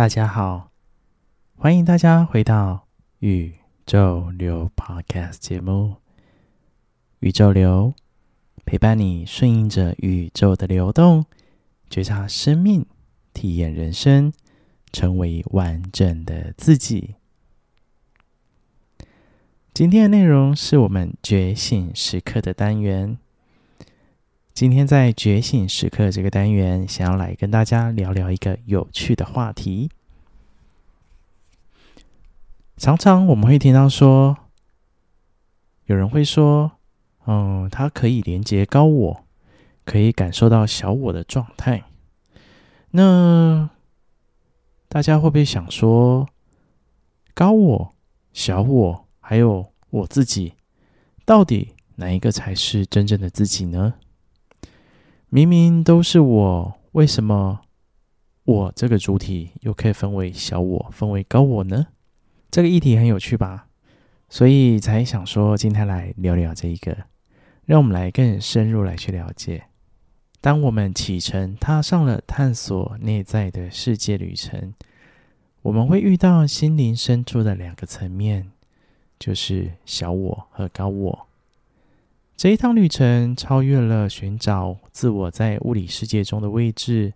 大家好，歡迎大家回到《宇宙流》Podcast 節目。宇宙流陪伴你，順應着宇宙的流動，覺察生命，體驗人生，成為完整的自己。今天的內容是我們覺醒時刻的單元。今天在覺醒時刻這個單元，想要來跟大家聊聊一個有趣的話題。常常我們會聽到說，有人會說：“嗯，它可以連接高我，可以感受到小我的狀態。”那大家會不會想說，高我、小我，還有我自己，到底哪一個才是真正的自己呢？明明都是我，為什麼我這個主體又可以分為小我，分為高我呢？這個議題很有趣吧，所以才想說今天來聊聊這一個，讓我們來更深入來去了解。當我們啟程踏上了探索內在的世界旅程，我們會遇到心靈深處的兩個層面，就是小我和高我。這一趟旅程超越了尋找自我在物理世界中的位置，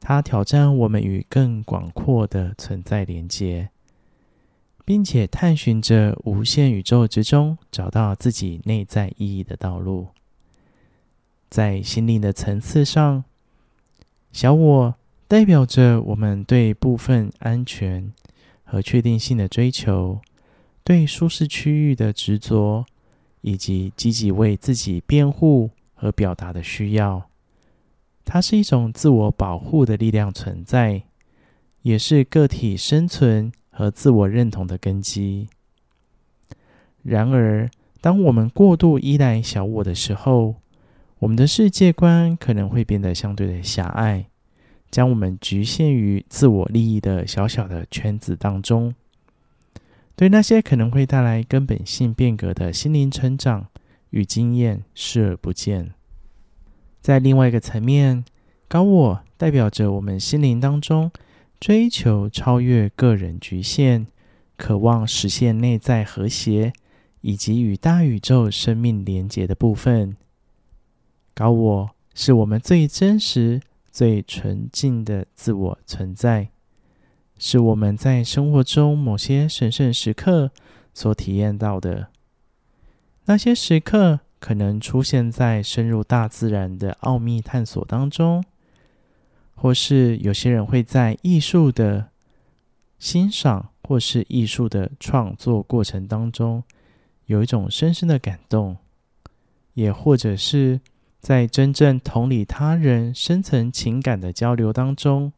它挑戰我們與更廣闊的存在連接，並且探尋着無限宇宙之中找到自己內在意義的道路。在心靈的層次上，小我代表着我們對部分安全和確定性的追求，對舒適區域的執着。以及積極為自己辯護和表達的需要，它是一種自我保護的力量存在，也是個體生存和自我認同的根基。然而，當我們過度依賴小我的時候，我們的世界觀可能會變得相對的狹隘，將我們局限於自我利益的小小的圈子當中。對那些可能會帶來根本性變革的心靈成長與經驗視而不見。在另外一個層面，高我代表着我們心靈當中追求超越個人局限，渴望實現內在和諧以及與大宇宙生命連結的部分。高我是我們最真實、最純淨的自我存在。是我們在生活中某些神聖時刻所體驗到的。那些時刻可能出現在深入大自然的奧秘探索當中，或是有些人會在藝術的欣賞或是藝術的創作過程當中有一種深深的感動，也或者是在真正同理他人深層情感的交流當中。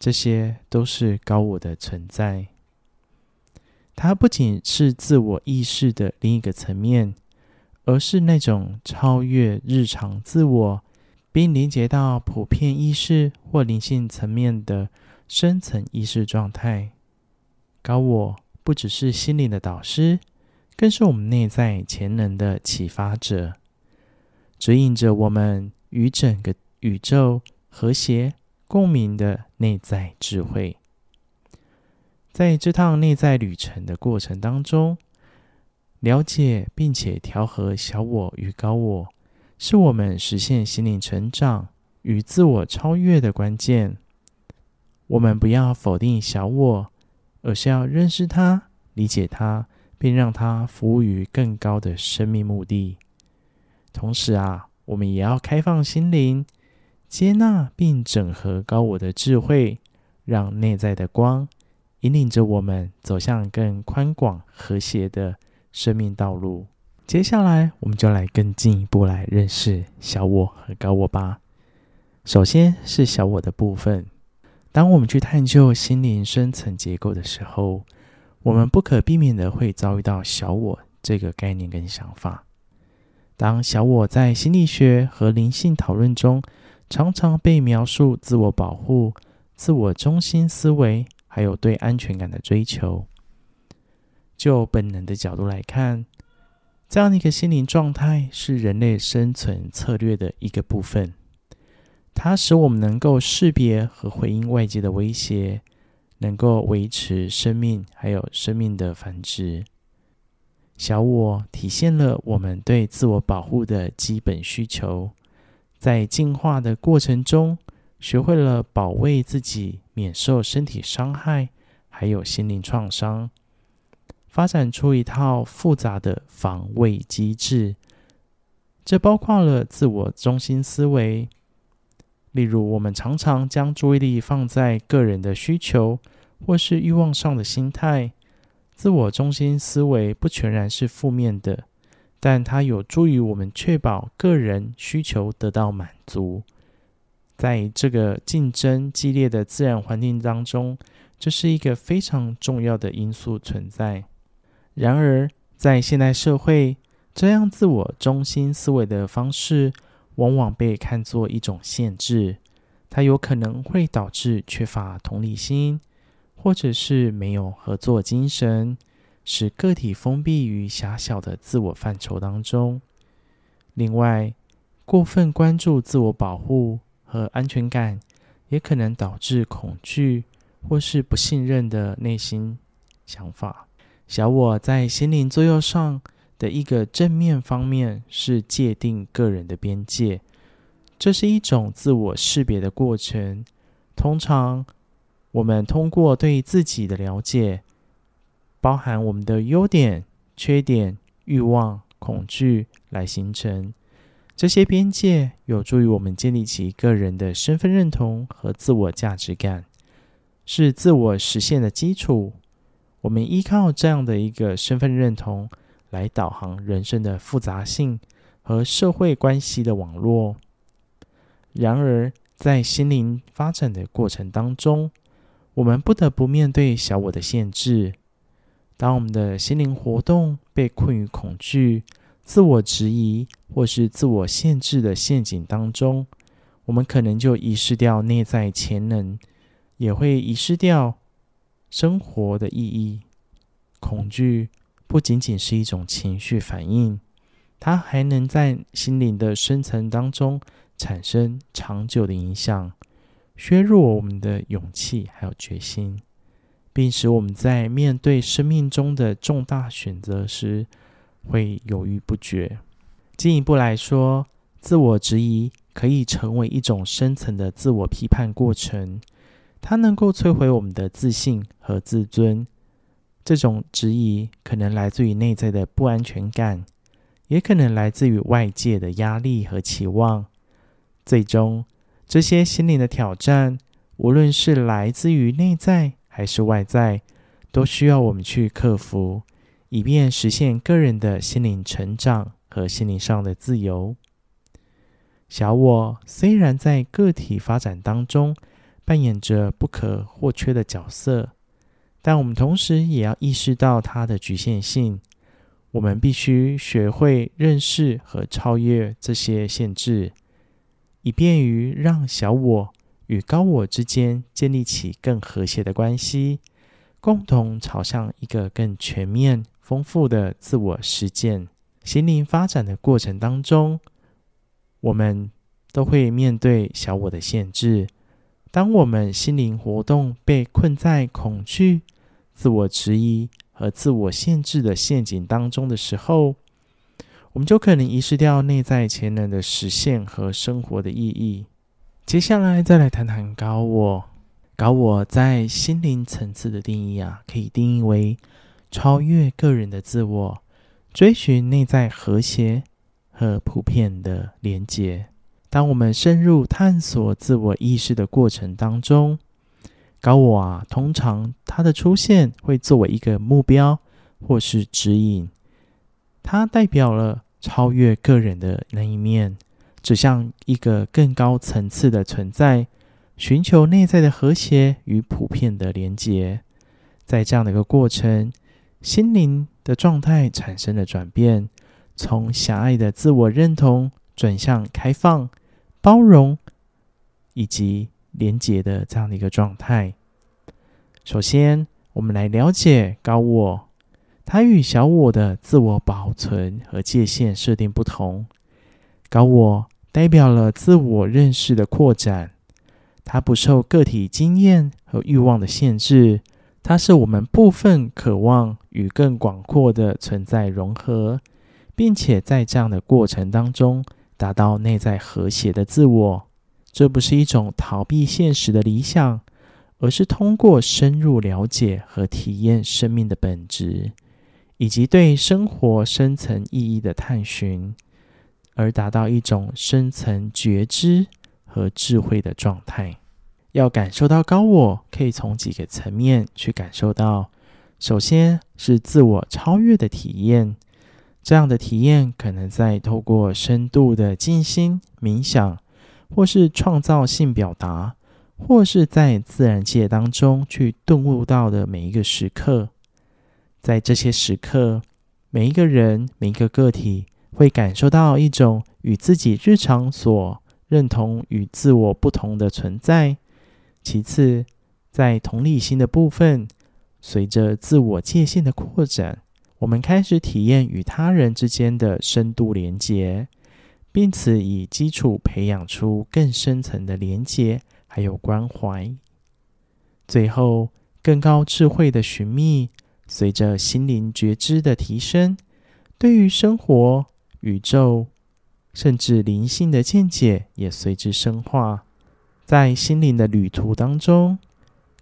這些都是高我的存在。它不僅是自我意識的另一個層面，而是那種超越日常自我，並連接到普遍意識或靈性層面的深層意識狀態。高我不只是心靈的導師，更是我們內在潛能的啟發者，指引着我們與整個宇宙和諧共鳴的。內在智慧。在這趟內在旅程的過程當中，了解並且調和小我與高我，是我們實現心靈成長與自我超越的關鍵。我們不要否定小我，而是要認識它、理解它，並讓它服務於更高的生命目的。同時啊，我們也要開放心靈。接納並整合高我的智慧，讓內在的光引領着我們走向更寬廣和諧的生命道路。接下來，我們就來更進一步來認識小我和高我吧。首先是小我的部分。當我們去探究心靈深層結構的時候，我們不可避免地會遭遇到小我這個概念跟想法。當小我在心理學和靈性討論中，常常被描述自我保護、自我中心思維，還有對安全感的追求。就本能的角度來看，這樣的一個心靈狀態是人類生存策略的一個部分。它使我們能夠識別和回應外界的威脅，能夠維持生命，還有生命的繁殖。小我體現了我們對自我保護的基本需求。在進化的過程中，學會了保衛自己，免受身體傷害，還有心靈創傷，發展出一套複雜的防衛機制。這包括了自我中心思維，例如我們常常將注意力放在個人的需求或是欲望上的心態，自我中心思維不全然是負面的。但它有助於我們確保個人需求得到滿足。在這個競爭激烈的自然環境當中，這是一個非常重要的因素存在。然而，在現代社會，這樣自我中心思維的方式往往被看作一種限制，它有可能會導致缺乏同理心，或者是沒有合作精神。使個體封閉於狹小的自我範疇當中。另外，過分關注自我保護和安全感，也可能導致恐懼或是不信任的內心想法。小我在心靈作用上的一個正面方面是界定個人的邊界，這是一種自我識別的過程。通常，我們通過對自己的了解。包含我們的優點、缺點、慾望、恐懼來形成這些邊界，有助於我們建立起個人的身份認同和自我價值感，是自我實現的基礎。我們依靠這樣的一個身份認同來導航人生的複雜性和社會關係的網絡。然而，在心靈發展的過程當中，我們不得不面對小我的限制。當我們的心靈活動被困於恐懼、自我質疑或是自我限制的陷阱當中，我們可能就遺失掉內在潛能，也會遺失掉生活的意義。恐懼不僅僅是一種情緒反應，它還能在心靈的深層當中產生長久的影響，削弱我們的勇氣還有決心。並使我們在面對生命中的重大選擇時會猶豫不決。進一步來說，自我質疑可以成為一種深層的自我批判過程，它能夠摧毀我們的自信和自尊。這種質疑可能來自於內在的不安全感，也可能來自於外界的壓力和期望。最終，這些心靈的挑戰，無論是來自於內在，還是外在，都需要我們去克服，以便實現個人的心靈成長和心靈上的自由。小我雖然在個體發展當中扮演着不可或缺的角色，但我們同時也要意識到它的局限性。我們必須學會認識和超越這些限制，以便於讓小我與高我之間建立起更和諧的關係，共同朝向一個更全面、豐富的自我實踐。心靈發展的過程當中，我們都會面對小我的限制。當我們心靈活動被困在恐懼、自我質疑和自我限制的陷阱當中的時候，我們就可能遺失掉內在潛能的實現和生活的意義。接下來再來談談高我。高我在心靈層次的定義啊，可以定義為超越個人的自我，追尋內在和諧和普遍的連結。當我們深入探索自我意識的過程當中，高我啊，通常它的出現會作為一個目標或是指引，它代表了超越個人的那一面。指向一個更高層次的存在，尋求內在的和諧與普遍的連結。在這樣的一個過程，心靈的狀態產生了轉變，從狹隘的自我認同轉向開放、包容以及連結的這樣的一個狀態。首先，我們來了解高我，它與小我的自我保存和界限設定不同，高我。代表了自我認識的擴展，它不受個體經驗和慾望的限制，它是我們部分渴望與更廣闊的存在融合，並且在這樣的過程當中達到內在和諧的自我。這不是一種逃避現實的理想，而是通過深入了解和體驗生命的本質，以及對生活深層意義的探尋。而達到一種深層覺知和智慧的狀態。要感受到高我，可以從幾個層面去感受到。首先是自我超越的體驗，這樣的體驗可能在透過深度的靜心冥想，或是創造性表達，或是在自然界當中去頓悟到的每一個時刻。在這些時刻，每一個人，每一個個體。會感受到一種與自己日常所認同與自我不同的存在。其次，在同理心的部分，隨着自我界限的擴展，我們開始體驗與他人之間的深度連接，並此以基礎培養出更深層的連接還有關懷。最後，更高智慧的尋覓，隨着心靈覺知的提升，對於生活。宇宙甚至靈性的見解也隨之深化。在心靈的旅途當中，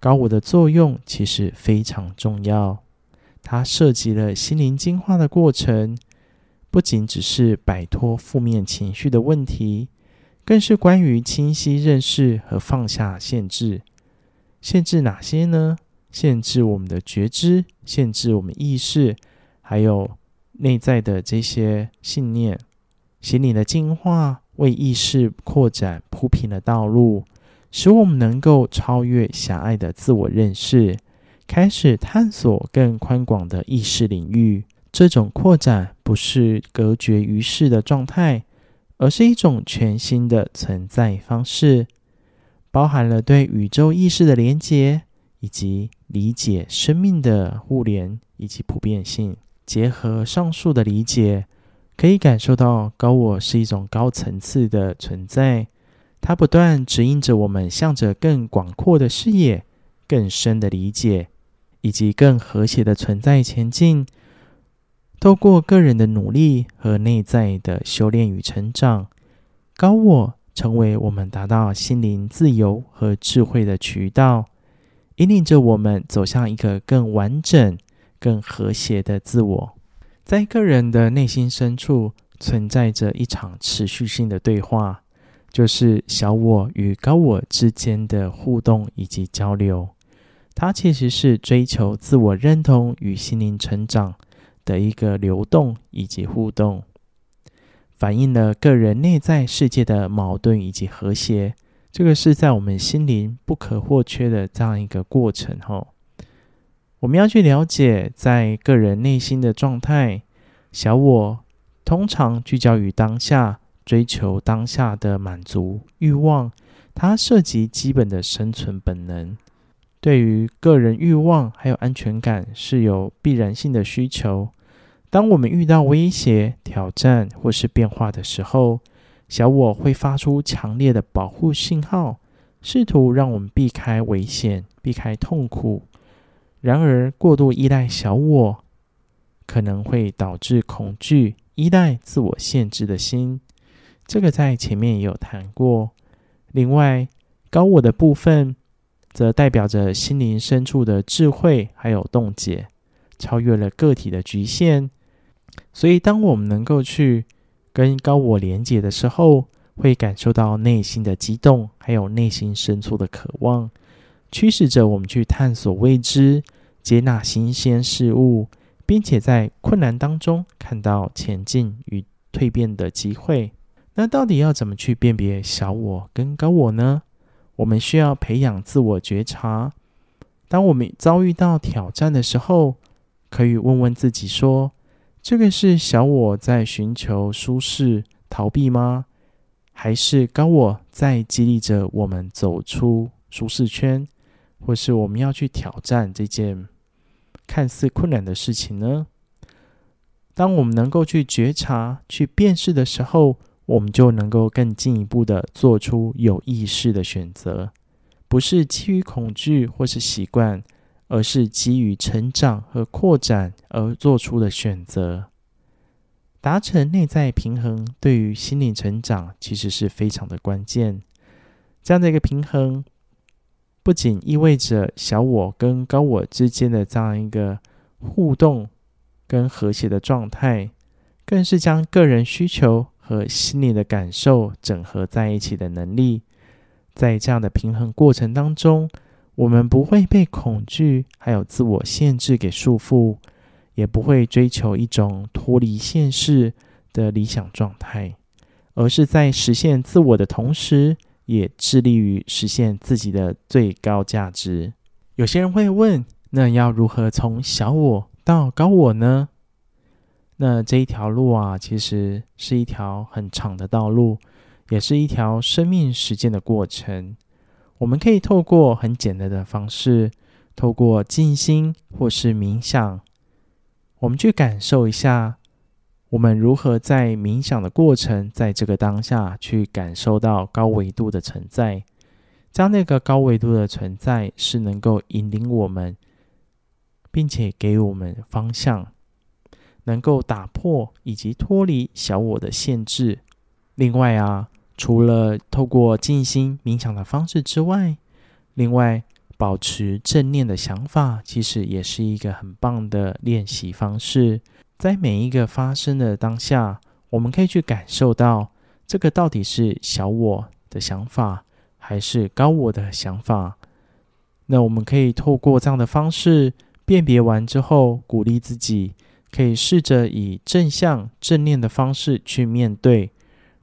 高我的作用其實非常重要。它涉及了心靈進化的過程，不僅只是擺脫負面情緒的問題，更是關於清晰認識和放下限制。限制哪些呢？限制我們的覺知，限制我們意識，還有。內在的這些信念，心理的進化，為意識擴展鋪平了道路，使我們能夠超越狹隘的自我認識，開始探索更寬廣的意識領域。這種擴展不是隔絕於世的狀態，而是一種全新的存在方式，包含了對宇宙意識的連接，以及理解生命的互聯以及普遍性。結合上述的理解，可以感受到高我是一種高層次的存在，它不斷指引着我們向着更廣闊的視野、更深的理解以及更和諧的存在前進。透過個人的努力和內在的修煉與成長，高我成為我們達到心靈自由和智慧的渠道，引領着我們走向一個更完整。更和諧的自我，在一個人的內心深處存在着一場持續性的對話，就是小我與高我之間的互動以及交流。它其實是追求自我認同與心靈成長的一個流動以及互動，反映了個人內在世界的矛盾以及和諧。這個是在我們心靈不可或缺的這樣一個過程哦。我們要去了解，在個人內心的狀態，小我通常聚焦於當下，追求當下的滿足欲望。它涉及基本的生存本能，對於個人欲望還有安全感是有必然性的需求。當我們遇到威脅、挑戰或是變化的時候，小我會發出強烈的保護信號，試圖讓我們避開危險、避開痛苦。然而，過度依賴小我，可能會導致恐懼、依賴、自我限制的心。這個在前面也有談過。另外，高我的部分，則代表着心靈深處的智慧，還有洞見，超越了個體的局限。所以，當我們能夠去跟高我連接的時候，會感受到內心的激動，還有內心深處的渴望。驅使着我們去探索未知，接納新鮮事物，並且在困難當中看到前進與蛻變的機會。那到底要怎麼去辨別小我跟高我呢？我們需要培養自我覺察。當我們遭遇到挑戰的時候，可以問問自己說，說這個是小我在尋求舒適、逃避嗎？還是高我在激勵着我們走出舒適圈？或是我們要去挑戰這件看似困難的事情呢？當我們能夠去覺察、去辨識的時候，我們就能夠更進一步的做出有意識的選擇，不是基於恐懼或是習慣，而是基於成長和擴展而做出的選擇。達成內在平衡，對於心理成長其實是非常的關鍵。這樣的一個平衡，不僅意味着小我跟高我之間的這樣一個互動跟和諧的狀態，更是將個人需求和心理的感受整合在一起的能力。在這樣的平衡過程當中，我們不會被恐懼還有自我限制給束縛，也不會追求一種脫離現實的理想狀態，而是在實現自我的同時，也致力於實現自己的最高價值。有些人會問，那要如何從小我到高我呢？那這一條路啊，其實是一條很長的道路，也是一條生命實踐的過程。我們可以透過很簡單的方式，透過靜心或是冥想，我們去感受一下。我們如何在冥想的過程，在這個當下去感受到高維度的存在？將那個高維度的存在是能夠引領我們，並且給我們方向，能夠打破以及脫離小我的限制。另外啊，除了透過靜心冥想的方式之外，另外保持正念的想法，其實也是一個很棒的練習方式。在每一個發生的當下，我們可以去感受到這個到底是小我的想法，還是高我的想法。那我們可以透過這樣的方式辨別完之後，鼓勵自己，可以試着以正向正念的方式去面對，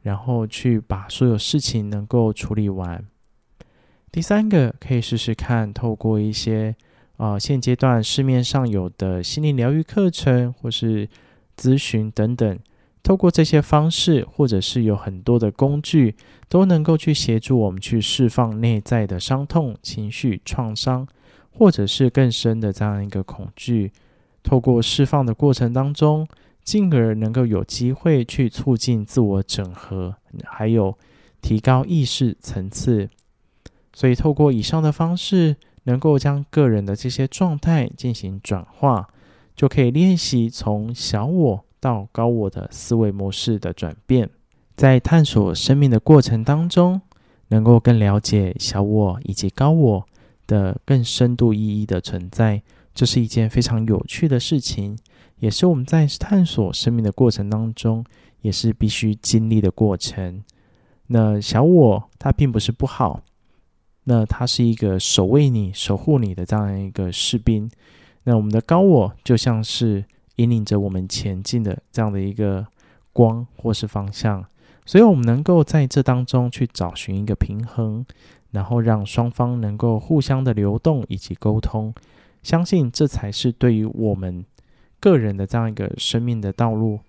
然後去把所有事情能夠處理完。第三個，可以試試看透過一些。啊，現階段市面上有的心理療癒課程，或是諮詢等等，透過這些方式，或者是有很多的工具，都能夠去協助我們去釋放內在的傷痛、情緒、創傷，或者是更深的這樣一個恐懼。透過釋放的過程當中，進而能夠有機會去促進自我整合，還有提高意識層次。所以，透過以上的方式。能夠將個人的這些狀態進行轉化，就可以練習從小我到高我的思維模式的轉變。在探索生命的過程當中，能夠更了解小我以及高我的更深度意義的存在，這是一件非常有趣的事情，也是我們在探索生命的過程當中也是必須經歷的過程。那小我它並不是不好。那他是一個守衛你、守護你的這樣一個士兵。那我們的高我就像是引領着我們前進的這樣的一個光或是方向，所以我們能夠在這當中去找尋一個平衡，然後讓雙方能夠互相的流動以及溝通。相信這才是對於我們個人的這樣一個生命的道路，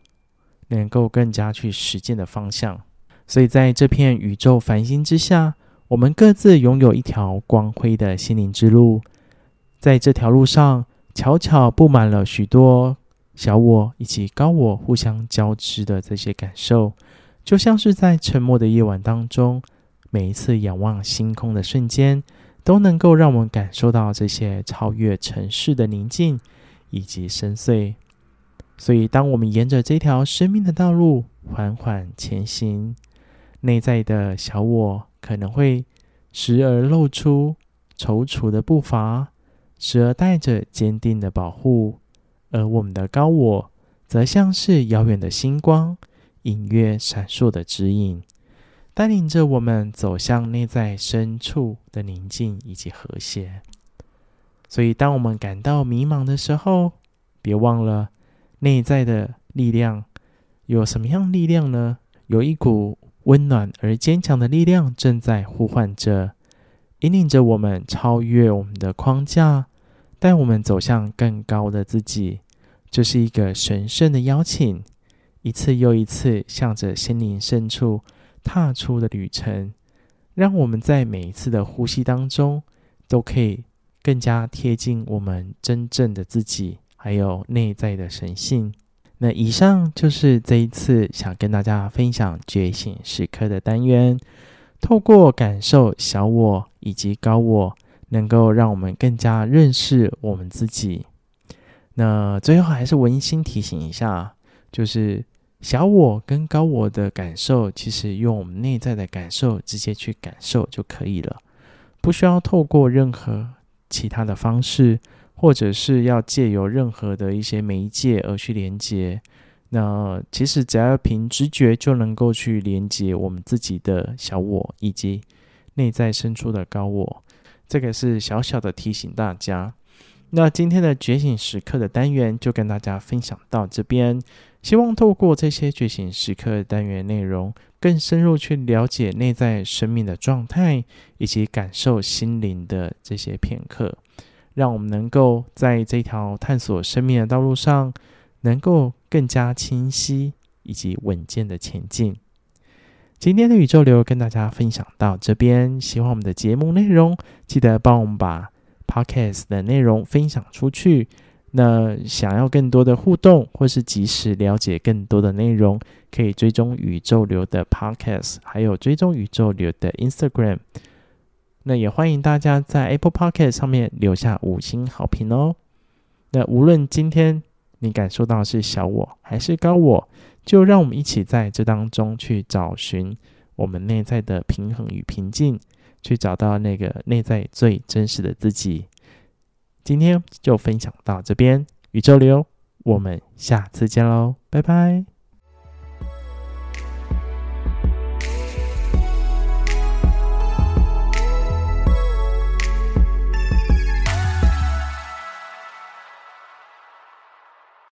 能夠更加去實踐的方向。所以在這片宇宙繁星之下。我們各自擁有一條光輝的心靈之路，在這條路上，悄悄佈滿了許多小我以及高我互相交織的這些感受，就像是在沉默的夜晚當中，每一次仰望星空的瞬間，都能夠讓我們感受到這些超越塵世的寧靜以及深邃。所以，當我們沿着這條生命的道路緩緩前行，內在的小我。可能會時而露出躊躇的步伐，時而帶着堅定的保護，而我們的高我則像是遙遠的星光，隱約閃爍的指引，帶領着我們走向內在深處的寧靜以及和諧。所以，當我們感到迷茫的時候，別忘了內在的力量。有什麼樣力量呢？有一股。溫暖而堅強的力量正在呼喚着，引領着我們超越我們的框架，帶我們走向更高的自己。這、就是一個神聖的邀請，一次又一次向着心靈深處踏出的旅程，讓我們在每一次的呼吸當中，都可以更加貼近我們真正的自己，還有內在的神性。那以上就是這一次想跟大家分享覺醒時刻的單元，透過感受小我以及高我，能夠讓我們更加認識我們自己。那最後還是溫馨提醒一下，就是小我跟高我的感受，其實用我們內在的感受直接去感受就可以了，不需要透過任何其他的方式，或者是要借由任何的一些媒介而去連接，那其實只要憑直覺就能夠去連接我們自己的小我以及內在深處的高我，這個是小小的提醒大家。那今天的覺醒時刻的單元就跟大家分享到這邊，希望透過這些覺醒時刻的單元內容，更深入去了解內在生命的狀態，以及感受心靈的這些片刻。讓我們能夠在這條探索生命的道路上，能夠更加清晰以及穩健的前進。今天的宇宙流跟大家分享到這邊，喜歡我們的節目內容記得幫我們把 podcast 的內容分享出去。那想要更多的互動，或是及時了解更多的內容，可以追蹤宇宙流的 podcast，還有追蹤宇宙流的 Instagram。那也歡迎大家在 Apple Podcast 上面留下五星好評哦。那無論今天你感受到是小我還是高我，就讓我們一起在這當中去找尋我們內在的平衡與平靜，去找到那個內在最真實的自己。今天就分享到這邊，宇宙流，我們下次見嘍，拜拜。